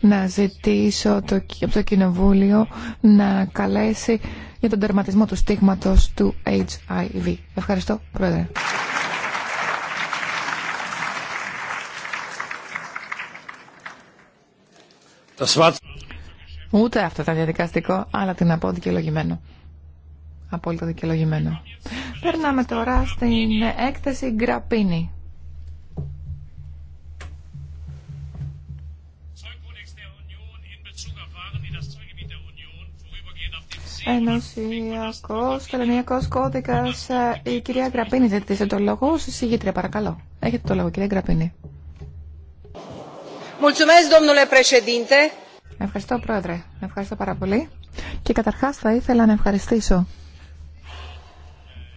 να ζητήσω το, από το Κοινοβούλιο να καλέσει για τον τερματισμό του στίγματος του HIV. Ευχαριστώ, Πρόεδρε. Ούτε αυτό ήταν διαδικαστικό, αλλά την απόλυτα δικαιολογημένο. Απόλυτα δικαιολογημένο. Περνάμε τώρα στην έκθεση Γκραπίνη. Ενωσιακός Τελωνιακό Κώδικα. Η κυρία Γραπίνη ζητήσε το λόγο. Συγγήτρια, παρακαλώ. Έχετε το λόγο, κυρία Γραπίνη. Ευχαριστώ, Πρόεδρε. Ευχαριστώ πάρα πολύ. Και καταρχάς θα ήθελα να ευχαριστήσω